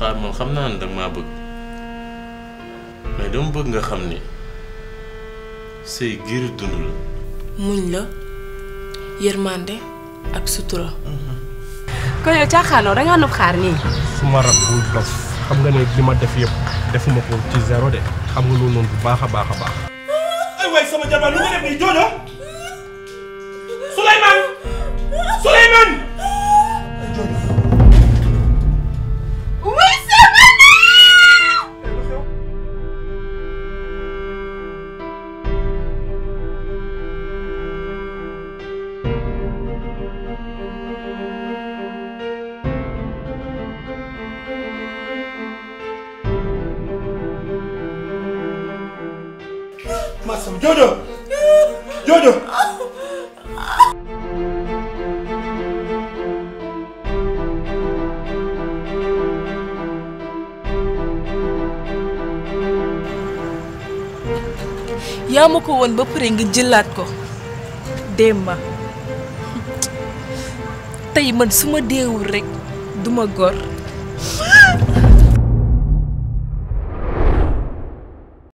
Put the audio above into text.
xaar man xam naa ne danga maa bëgg mais dama bëgg nga xam ni sëy giir dund la muñ la yërmande ak sutura mhm. kon yow caaxaanoo dangaa nopp xaar nii su ma rab bu dof xam nga ne li ma def yëpp defuma ko ci zéro de xam nga loolu noonu bu baax a baax a baax Masam Jojo Jojo yaa ma ko woon ba pare nga jëlaat ko ma tey man su ma deewul rekk duma gor